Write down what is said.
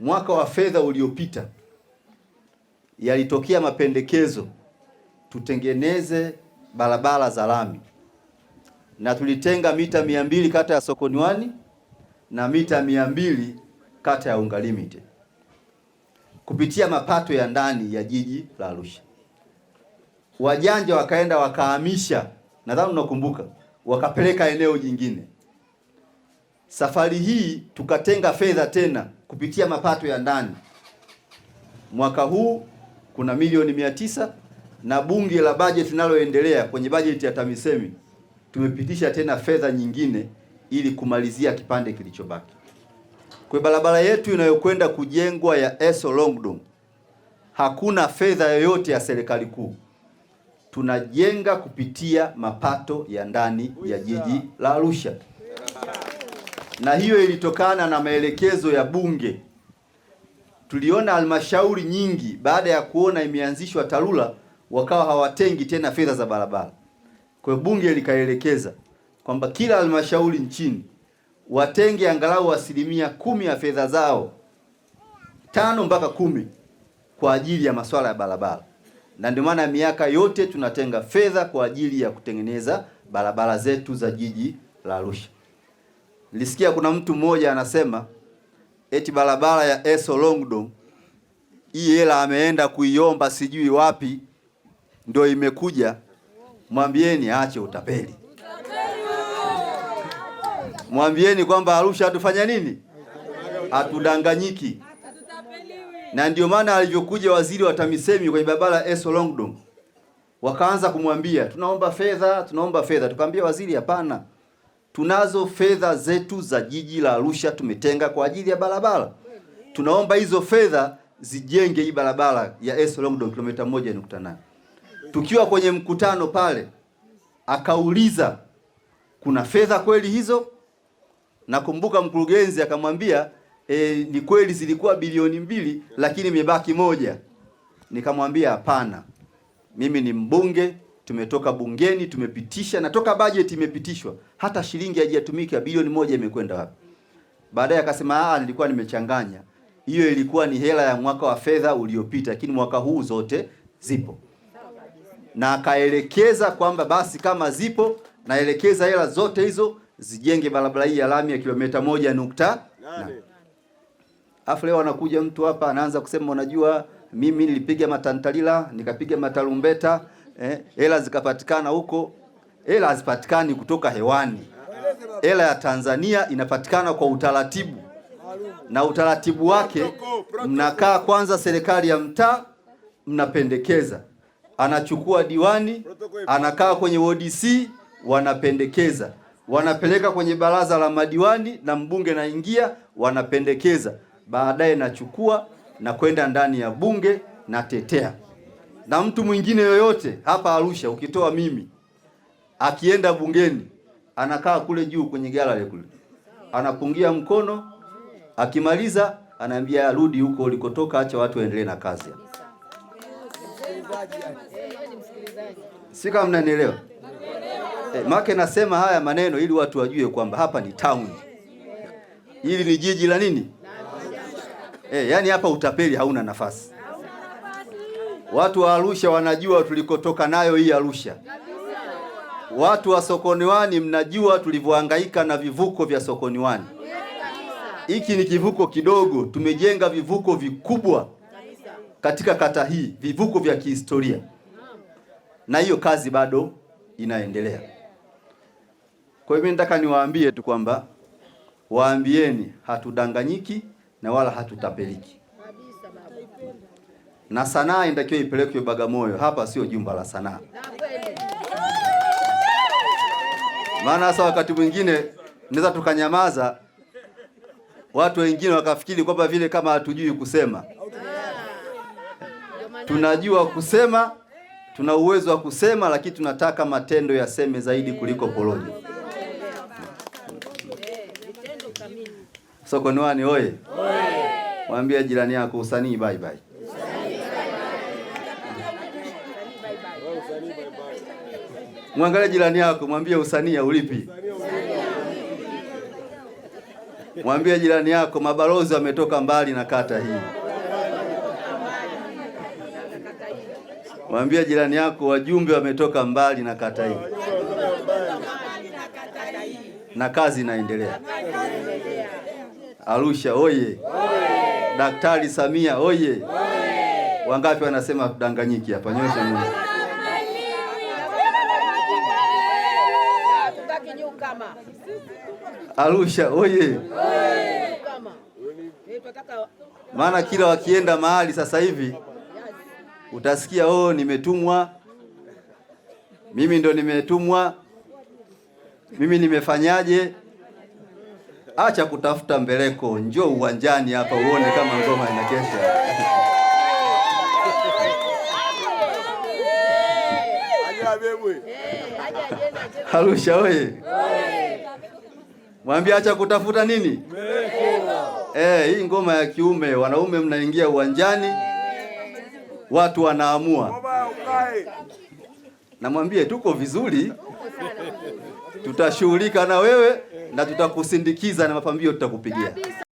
mwaka wa fedha uliopita yalitokea mapendekezo tutengeneze barabara za lami na tulitenga mita mia mbili kata ya Sokoni One na mita mia mbili kata ya Unga Limited kupitia mapato ya ndani ya jiji la Arusha. Wajanja wakaenda wakahamisha, nadhani unakumbuka, wakapeleka eneo jingine safari hii tukatenga fedha tena kupitia mapato ya ndani. Mwaka huu kuna milioni mia tisa na bunge la bajeti linaloendelea kwenye bajeti ya TAMISEMI tumepitisha tena fedha nyingine ili kumalizia kipande kilichobaki. Kwa barabara yetu inayokwenda kujengwa ya Eso Longdong hakuna fedha yoyote ya serikali kuu, tunajenga kupitia mapato ya ndani ya jiji la Arusha na hiyo ilitokana na maelekezo ya Bunge. Tuliona halmashauri nyingi baada ya kuona imeanzishwa TARURA wakawa hawatengi tena fedha za barabara. Kwa hiyo Bunge likaelekeza kwamba kila halmashauri nchini watenge angalau asilimia kumi ya fedha zao tano mpaka kumi kwa ajili ya masuala ya barabara, na ndio maana miaka yote tunatenga fedha kwa ajili ya kutengeneza barabara zetu za jiji la Arusha. Nilisikia kuna mtu mmoja anasema eti barabara ya Eso Longdo hii hela ameenda kuiomba sijui wapi, ndio imekuja. Mwambieni aache utapeli, mwambieni kwamba Arusha hatufanya nini, hatudanganyiki. Na ndio maana alivyokuja waziri wa TAMISEMI kwenye barabara ya Eso Longdo, wakaanza kumwambia tunaomba fedha, tunaomba fedha. Tukamwambia waziri, hapana Tunazo fedha zetu za jiji la Arusha tumetenga kwa ajili ya barabara. Tunaomba hizo fedha zijenge hii barabara ya Eso Longdon kilomita 1.8. Tukiwa kwenye mkutano pale akauliza kuna fedha kweli hizo? Nakumbuka mkurugenzi akamwambia e, ni kweli zilikuwa bilioni mbili lakini imebaki moja. Nikamwambia hapana, mimi ni mbunge tumetoka bungeni tumepitisha, na toka bajeti imepitishwa hata shilingi haijatumika, bilioni moja imekwenda wapi? Baadaye akasema ah, nilikuwa nimechanganya, hiyo ilikuwa ni hela ya mwaka wa fedha uliopita, lakini mwaka huu zote zipo, na akaelekeza kwamba basi kama zipo, naelekeza hela zote hizo zijenge barabara hii ya lami ya kilomita moja nukta Afu leo anakuja mtu hapa anaanza kusema, unajua mimi nilipiga matantalila nikapiga matarumbeta eh, hela zikapatikana huko. Hela hazipatikani kutoka hewani. Hela ya Tanzania inapatikana kwa utaratibu, na utaratibu wake mnakaa kwanza, serikali ya mtaa mnapendekeza, anachukua diwani, anakaa kwenye odc wanapendekeza, wanapeleka kwenye baraza la madiwani, na mbunge naingia, wanapendekeza, baadaye nachukua na kwenda ndani ya bunge natetea na mtu mwingine yoyote hapa Arusha ukitoa mimi, akienda bungeni anakaa kule juu kwenye gallery kule, anapungia mkono, akimaliza anaambia rudi huko ulikotoka, acha watu waendelee na kazi. Sika, mnanielewa? E, make nasema haya maneno ili watu wajue kwamba hapa ni town, hili ni jiji la nini? E, yani hapa utapeli hauna nafasi. Watu wa Arusha wanajua tulikotoka nayo hii Arusha. Watu wa Sokoni Wani mnajua tulivyohangaika na vivuko vya Sokoni Wani. Hiki ni kivuko kidogo, tumejenga vivuko vikubwa katika kata hii, vivuko vya kihistoria, na hiyo kazi bado inaendelea. Kwa hiyo mimi nataka niwaambie tu kwamba waambieni, hatudanganyiki na wala hatutapeliki na sanaa inatakiwa ipelekwe Bagamoyo. Hapa sio jumba la sanaa, maana hasa wakati mwingine naweza tukanyamaza, watu wengine wakafikiri kwamba vile kama hatujui kusema. Tunajua kusema, tuna uwezo wa kusema, lakini tunataka matendo yaseme zaidi kuliko porojo. Sokoni wani oye, mwambie jirani yako usanii bye bye. Mwangalie jirani yako, mwambie usanii ulipi. Mwambie jirani yako, mabalozi wametoka mbali na kata hii. Mwambie jirani yako, wajumbe wametoka mbali na kata hii, na kazi inaendelea. Arusha oye! Daktari Samia oye! Wangapi wanasema danganyiki hapa? Nyosha. Arusha oye! Maana kila wakienda mahali sasa hivi utasikia oh, nimetumwa mimi, ndo nimetumwa mimi, nimefanyaje? Acha kutafuta mbeleko, njoo uwanjani hapa uone kama ngoma inakesha. Arusha oye! Mwambie acha kutafuta nini? Eh, hii ngoma ya kiume, wanaume mnaingia uwanjani, watu wanaamua. Namwambie tuko vizuri, tutashughulika na wewe na tutakusindikiza na mapambio tutakupigia.